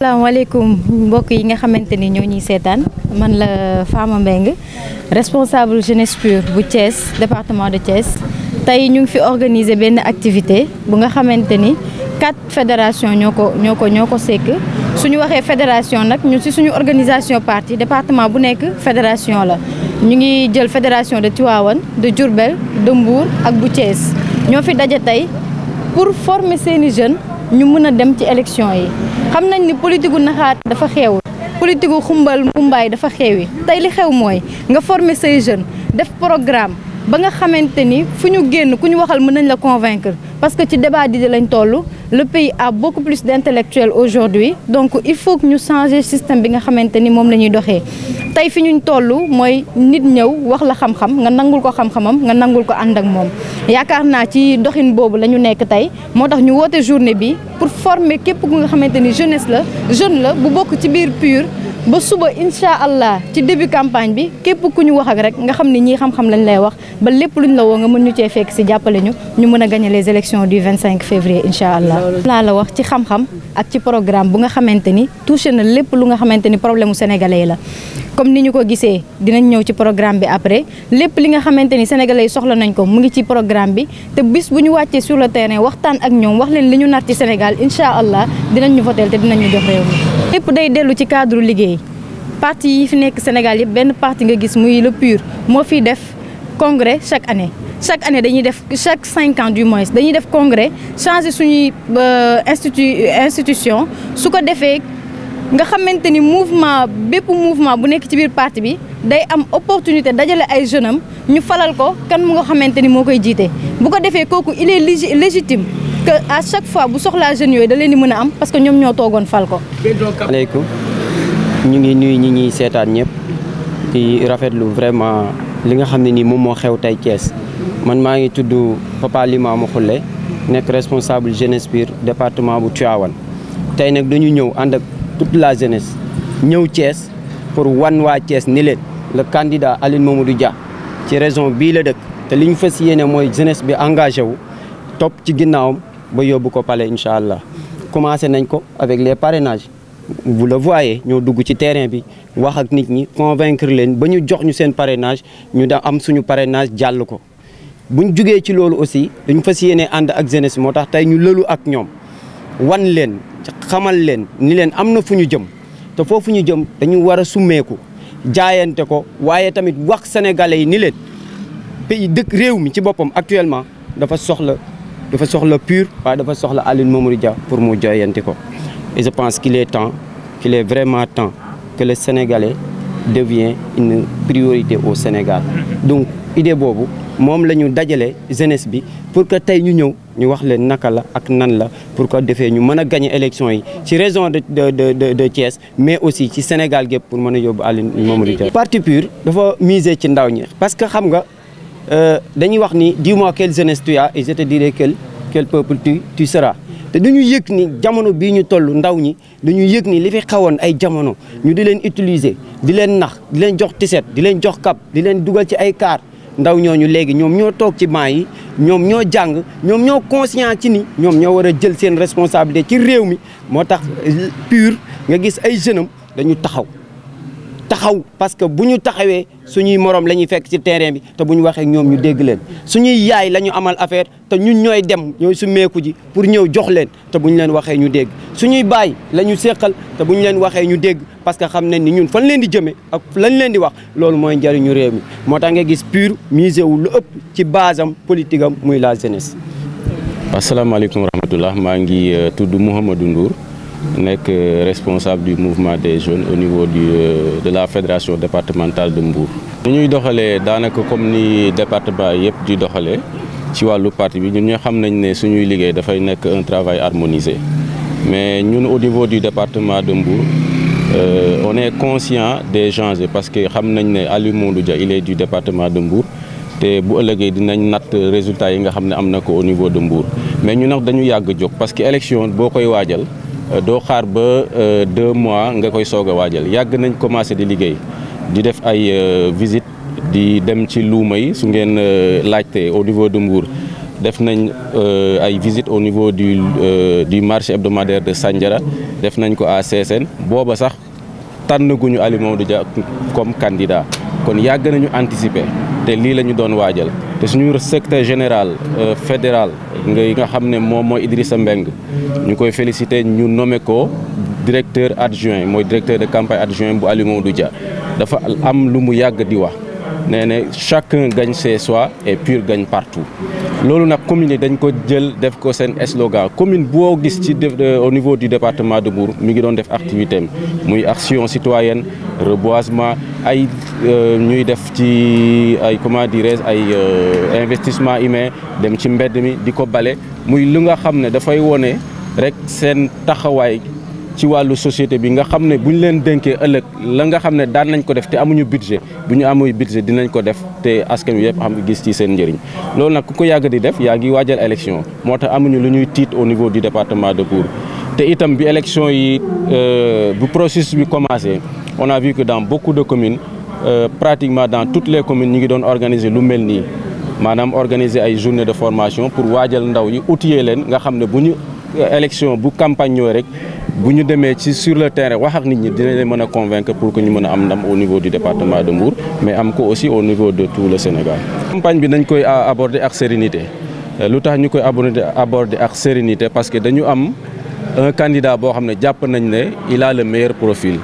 asalaamaaleykum mbokk yi nga xamante ni ñoo ñuy seetaan man la Fama Mbengue responsable jeunesse pure bu Thiès département de Thiès tey ñu ngi fi organiser benn activité bu nga xamante ni quatre fédération ñoo ko ñoo ko ñoo ko sekk suñu waxee fédération nag ñun si suñu organisation partie département bu nekk fédération la ñu ngi jël fédération de Tivaouane de Diourbel de Mbour ak bu Thiès ñoo fi daje tey pour former seeni jeunes ñu mën a dem ci élection yi xam nañ ni politique gu naxaat dafa xew politique gu xumbal mumbaay dafa xewi tey li xew mooy nga former say jeunes def programme ba nga xamante ni fu ñu génn ku ñu waxal mën nañ la convaincre parce que ci débat di lañ toll le pays a beaucoup plus d'intellectuels aujourd'hui donc il faut que ñu changé système bi nga xamante ni moom la ñuy doxee tey fi ñu toll mooy nit ñëw wax la xam-xam nga nangul ko xam-xamam nga nangul ko ànd ak moom. yaakaar naa ci doxin boobu la ñu nekk tey moo tax ñu woote journée bi pour former képp ku nga xamante ni jeunesse la jeune la bu bokk ci biir pure ba suba incha allah ci début campagne bi képp ku ñu wax ak rek nga xam ne ñii xam-xam lañ lay wax ba lépp lu ñu la woo nga mën ñu cee fekk si jàppale ñu ñu mën a gagné les élections du 25 février allah. laa la wax ci xam-xam ci programme bu nga xamante ni touché na lépp lu nga xamante ni problème mu sénégalais la. comme ni ñu ko gisee dinañ ñëw ci programme bi après lépp li nga xamante ni sénégalais yi soxla nañ ko mu ngi ci programme bi te bis bu ñu wàccee sur le terrain waxtaan ak ñoom wax leen li ñu nar ci Sénégal incha allah dinañ ñu voteel te dinañ day dellu ci cadre liggéey parti yi fi nekk Sénégal yëpp benn parti nga gis muy le PUR moo fiy def congrès chaque année chaque année dañuy def chaque cinq ans du moins dañuy def congrès changé suñuy euh, institu institution su ko defee nga xamante ni mouvement bépp mouvement bu nekk ci biir parti bi day am opportunité dajale ay jeune am ñu falal ko kan mu nga xamante ni moo koy jiite bu ko defee kooku il est légitime que à chaque fois bu soxlaa jeunes yooyu da leen di mën a am parce que ñoom ñoo toogoon fal ko. aleykum ñu ngi nuyu ñi ñuy seetaan ñëpp di rafetlu vraiment li nga xam ne nii moom moo xew tey cees man maa ngi tudd Papa Limamou Khoule nekk responsable jeunesse biir département bu Tivaouane tey nag ñu ñëw ànd ak toute la jeunesse ñëw cees pour wan waa cees ni leen le candidat Aline du Dia ci raison bii la dëkk te li ñu fas yéene mooy jeunesse bi engagé wu topp ci ginnaawam ba yóbbu ko pale incha allah commencé nañ ko avec les parrainages vous le voyez ñoo dugg ci terrain bi wax ak nit ñi convaincre leen ba ñu jox ñu seen parrainage ñu da am suñu parrainage jàll ko buñ jugee ci loolu aussi dañu fas yéenee ànd ak jeunesse moo tax tey ñu lëlu ak ñoom wan leen xamal leen ni leen am na fu ñu jëm te foo fu ñu jëm dañu war a summeeku jaayante ko waaye tamit wax sénégalais yi ni leen pays dëkk réew mi ci boppam actuellement dafa soxla dafa soxla PUR waaye dafa soxla Aline Mamadou Dia pour mu jooyanti ko Et je pense qu'il est temps, qu'il vraiment temps que le Sénégalais devient une priorité au Sénégal. Donc, idée boobu moom la ñu dajale jeunesse bi pour que tey ñu ñëw ñu wax leen naka la ak nan la pour que defee ñu mën a gagner élection yi ci région de de de de Thiès mais aussi ci Sénégal gépp pour mën a yóbbu Aline Mamadou Dia. parti PUR dafa miser ci ndaw ñi parce que xam nga euh, dañuy wax ni dis-moi quelle jeunesse tu as et te dirai quelle quel peuple tu tu seras te dañu yëg ni jamono bii ñu toll ndaw ñi dañu yëg ni li fi xawoon ay jamono ñu di leen utiliser di leen nax di leen jox tiset di leen jox kap di leen dugal ci ay kaar ndaw ñooñu léegi ñoom ñoo toog ci banc yi ñoom ñoo jàng ñoom ñoo conscient ci ni ñoom ñoo war a jël seen responsabilité ci réew mi moo tax pur nga gis ay jeunes am dañu taxaw taxaw parce que bu ñu taxawee suñuy morom la ñuy fekk ci terrain bi te bu ñu waxee ñoom ñu dégg leen suñuy yaay la ñu amal affaire te ñun ñooy dem ñooy sumeeku ji pour ñëw jox leen te bu ñu leen waxee ñu dégg suñuy baay la ñu séqal te bu ñu leen waxee ñu dégg parce que xam nañ ni ñun fan leen di jëmee ak lañ leen di wax loolu mooy njëriñu réew mi moo tax nga gis pur musée wu lu ëpp ci base am muy la jeunesse. asalaamaaleykum wa rahmatullah maa ngi euh, tudd Mouhamadou Ndour. nekk responsable du mouvement des jeunes au niveau du euh, de la fédération départementale de Mbour. ni ñuy doxalee daanaka comme ni département yëpp di doxalee ci wàllu parti bi ñun ñoo xam nañ ne suñuy liggéey dafay nekk un travail harmonisé mais ñun au niveau du département de Mbour euh, on est conscient des changes parce que xam nañ ne Aliou Mondou Dia il du département de Mbour. te bu ëllëgee dinañ natt résultats yi nga xam ne am na ko au niveau de Mbour mais ñu nag dañu yàgg jóg parce que élection boo koy waajal. Euh, doo xaar ba euh, deux mois nga koy soog a waajal yàgg nañ commencé di liggéey di def ay euh, visite di dem ci luuma yi su ngeen laajte au niveau de Mbour def nañ ay visite au niveau du du marché hebdomadaire de Sandiara def nañ ko à Sessène booba sax tànn guñu Aly Mamadou Dia comme candidat kon yàgg nañu anticiper te lii la ñu doon waajal te suñu secrétaire général euh, fédéral ngay nga xam ne moom mooy Idrissa Mbengue ñu koy félicité ñu nommé ko directeur adjoint mooy directeur de campagne adjoint bu Aliou Mamadou ja dafa am lu mu yàgg di wax nee ne chacun gagne chez soi et pur gagne partout loolu nag commune yi dañ ko jël def ko seen slogan commune boo gis ci euh, au niveau du département de Mbour mu ngi doon def activité am muy action citoyenne reboisement ay euh, ñuy def ci ay comment dirais-je ay euh, investissement humain dem ci mbedd mi di ko bale muy lu nga xam ne dafay wone rek seen taxawaay ci wàllu société bi nga xam ne bu ñu leen dénkee ëllëg la nga xam ne daan nañ ko def te amuñu budget bu ñu amuy budget dinañ ko def te askan wi yëpp xam nga gis ci seen njëriñ loolu nag ko yàgg di def yaa ngi waajal élection moo tax amuñu lu ñuy tiit au niveau du département de Mbour te itam bi élection yi euh, bu processus bi commencé on a vu que dans beaucoup de commune euh, pratiquement dans toutes les communes ñu ngi doon organiser lu mel nii maanaam organiser ay journée de formation pour waajal ndaw yi outiller leen nga xam ne bu ñu élection bu campagne ñëwee rek bu ñu demee ci sur le terrain wax ak nit ñi dina leen mën a convaincre pour que ñu mën a am ndam au niveau du département de Mbour mais am ko aussi au niveau de tout le Sénégal. campagne bi dañ koy aborder ak sérénité euh, lu tax ñu koy aborder aborder ak sérénité parce que dañu am un candidat boo xam ne jàpp nañ ne il a le meilleur profil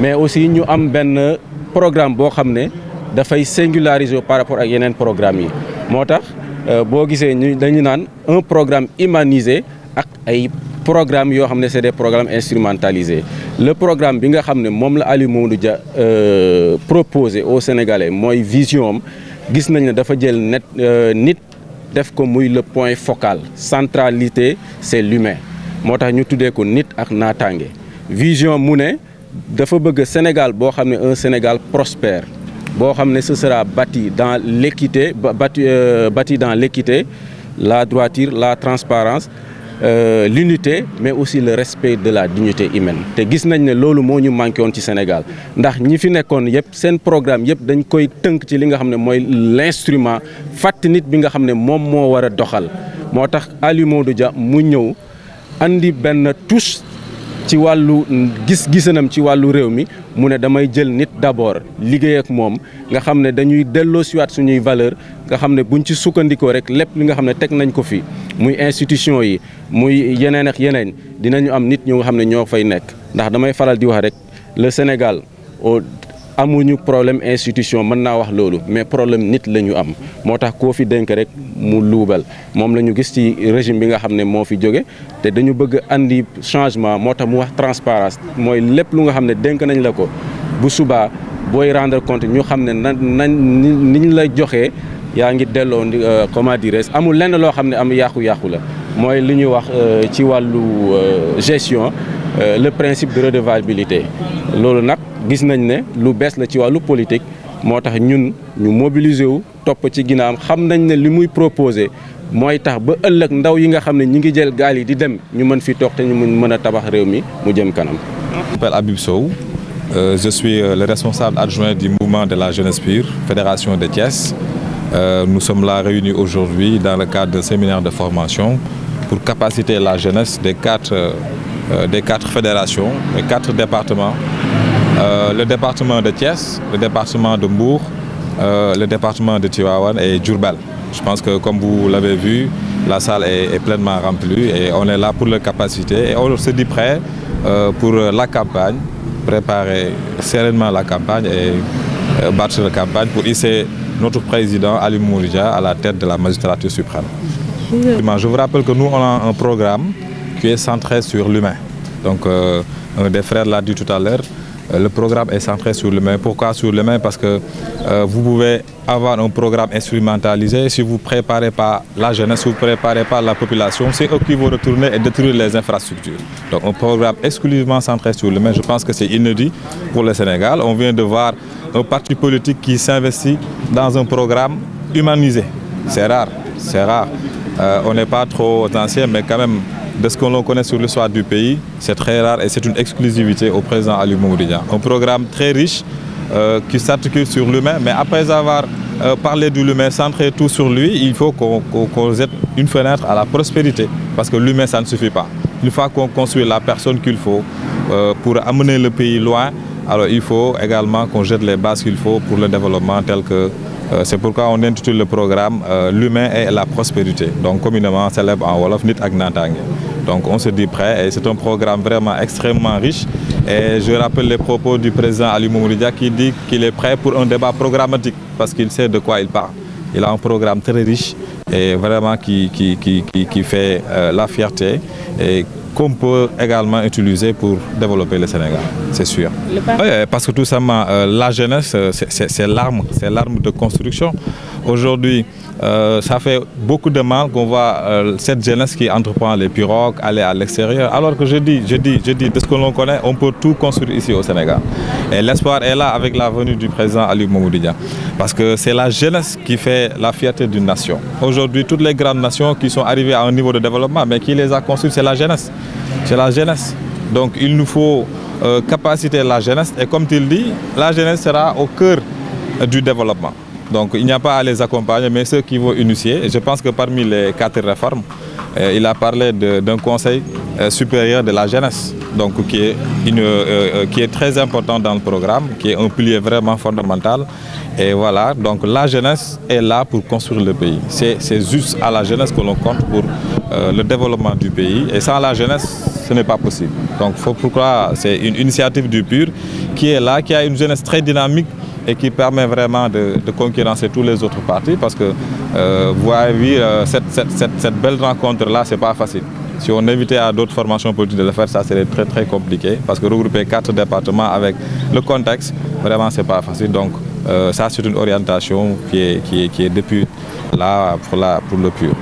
mais aussi ñu am benn programme boo xam ne dafay singulariser par rapport ak yeneen programme yi moo tax euh, boo gisee ñu dañu naan un programme humanisé. ak ay programme yoo xam ne c'est des programmes instrumentalisés le programme bi nga xam ne moom la Aliou ja Dia euh, proposé au Sénégalais mooy vision am gis nañ ne dafa jël net euh, nit def ko muy le point focal centralité c'est l'humain moo tax ñu tuddee ko nit ak naataange vision mu ne dafa bëgg Sénégal boo xam ne un Sénégal prosper boo xam ne ce sera bâti dans l'équité bâti euh, bâti dans l'équité la droiture la transparence Euh, l'unité mais aussi le respect de la dignité humaine te gis nañ ne loolu moo ñu manqué woon ci Sénégal ndax ñi fi nekkoon yëpp seen programme yëpp dañ koy tënk ci li nga xam ne mooy l'instrument fàtt nit bi nga xam ne moom moo war a doxal moo tax Aliou Mamadou Dia mu ñëw andi benn touche ci wàllu gis-gisanam ci wàllu réew mi mu ne damay jël nit d'abord liggéey ak moom nga xam ne dañuy delloo siwaat suñuy valeur nga xam ne buñ ci sukkandikoo rek lépp li nga xam ne teg nañ ko fi muy institution yi muy yeneen ak yeneen dinañu am nit ñu nga xam ne ñoo fay nekk ndax damay faral di wax rek le Sénégal amuñu problème institution mën naa wax loolu mais problème nit la ñu am moo tax koo fi dénk rek mu luubal moom la ñu gis ci régime bi nga xam ne moo fi jóge te dañu bëgg indi changement moo tax mu wax transparence mooy lépp lu nga xam ne dénk nañ la ko bu subaa booy rendre compte ñu xam ne na nañ ñu la joxee yaa ngi delloo euh, comment dirais amul lenn loo xam ne am yàqu-yàqu la mooy lu ñuy wax euh, ci wàllu euh, gestion Euh, le principe de redevabilité loolu nag gis nañ ne lu bees la ci wàllu politique moo tax ñun ñu mobiliser wu topp ci ginnaawam xam nañ ne li muy proposé mooy tax ba ëllëg ndaw yi nga xam ne ñi ngi jël gaal yi di dem ñu mën fi toog te ñu mën a tabax réew mi mu jëm kanam. Je m'appelle Sow euh, je suis euh, le responsable adjoint du mouvement de la jeunesse pure fédération de Thiès euh, nous sommes là réunis aujourd'hui dans le cadre d'un séminaire de formation pour capaciter la jeunesse des quatre euh, Euh, des quatre fédérations, des quatre départements. Euh, le département de Thiès, le département de Mbourg, euh, le département de Tivaouane et Djurbel. Je pense que comme vous l'avez vu, la salle est, est, pleinement remplie et on est là pour la capacité et on se dit pour la campagne, préparer sereinement la campagne et battre la campagne pour hisser notre président Ali Mourja à la tête de la magistrature suprême. Je vous rappelle que nous, on a un programme qui est centré sur l'humain. Donc, euh, un des frères l'a dit tout à l'heure, euh, le programme est centré sur l'humain. Pourquoi sur l'humain Parce que euh, vous pouvez avoir un programme instrumentalisé si vous ne préparez pas la jeunesse, si vous ne préparez pas la population, c'est eux qui vont retourner et détruire les infrastructures. Donc un programme exclusivement centré sur l'humain, je pense que c'est inédit pour le Sénégal. On vient de voir un parti politique qui s'investit dans un programme humanisé. C'est rare, c'est rare. Euh, on n'est pas trop ancien, mais quand même, de ce que l'on connaît sur l'histoire du pays, c'est très rare et c'est une exclusivité au président Ali Mouridien. Un programme très riche euh, qui s'articule sur l'humain, mais après avoir euh, parlé de l'humain, centré tout sur lui, il faut qu'on qu jette une fenêtre à la prospérité, parce que l'humain, ça ne suffit pas. Une fois qu'on construit la personne qu'il faut euh, pour amener le pays loin, alors il faut également qu'on jette les bases qu'il faut pour le développement tel que Euh, c'est pourquoi on intitule le programme euh, L'humain et la prospérité, donc communément célèbre en Wolof Nit ak Naataange. Donc on se dit prêt et c'est un programme vraiment extrêmement riche. Et je rappelle les propos du président Ali Moumouridia qui dit qu'il est prêt pour un débat programmatique parce qu'il sait de quoi il parle. Il a un programme très riche et vraiment qui, qui, qui, qui, qui fait euh, la fierté qu'on peut également utiliser pour développer le Sénégal, c'est sûr. Oui, parce que tout simplement, euh, la jeunesse, euh, c'est l'arme, c'est l'arme de construction. Aujourd'hui, Euh, ça fait beaucoup de mal qu'on voit euh, cette jeunesse qui entreprend les pirogues, aller à l'extérieur. Alors que je dis, je dis, je dis, de ce que l'on connaît, on peut tout construire ici au Sénégal. Et l'espoir est là avec la venue du président Ali Moumoudoudia. Parce que c'est la jeunesse qui fait la fierté d'une nation. Aujourd'hui, toutes les grandes nations qui sont arrivées à un niveau de développement, mais qui les a construites, c'est la jeunesse. C'est la jeunesse. Donc il nous faut euh, capaciter la jeunesse. Et comme il dit, la jeunesse sera au cœur du développement. Donc il n'y a pas à les accompagner, mais ceux qui vont initier, je pense que parmi les quatre réformes, euh, il a parlé d'un conseil euh, supérieur de la jeunesse, donc qui est, une, euh, euh, très important dans le programme, qui est un pilier vraiment fondamental. Et voilà, donc la jeunesse est là pour construire le pays. C'est juste à la jeunesse que l'on compte pour euh, le développement du pays. Et sans la jeunesse, ce n'est pas possible. Donc faut pourquoi c'est une initiative du PUR qui est là, a une jeunesse et qui permet vraiment de, de concurrencer tous les autres partis parce que euh, vous avez vu euh, cette, cette, cette, cette, belle rencontre-là, c'est pas facile. Si on évitait à d'autres formations politiques de le faire, ça serait très très compliqué parce que regrouper quatre départements avec le contexte, vraiment c'est pas facile. Donc euh, ça c'est une orientation qui est, qui est, qui est depuis là pour, la, pour le pur.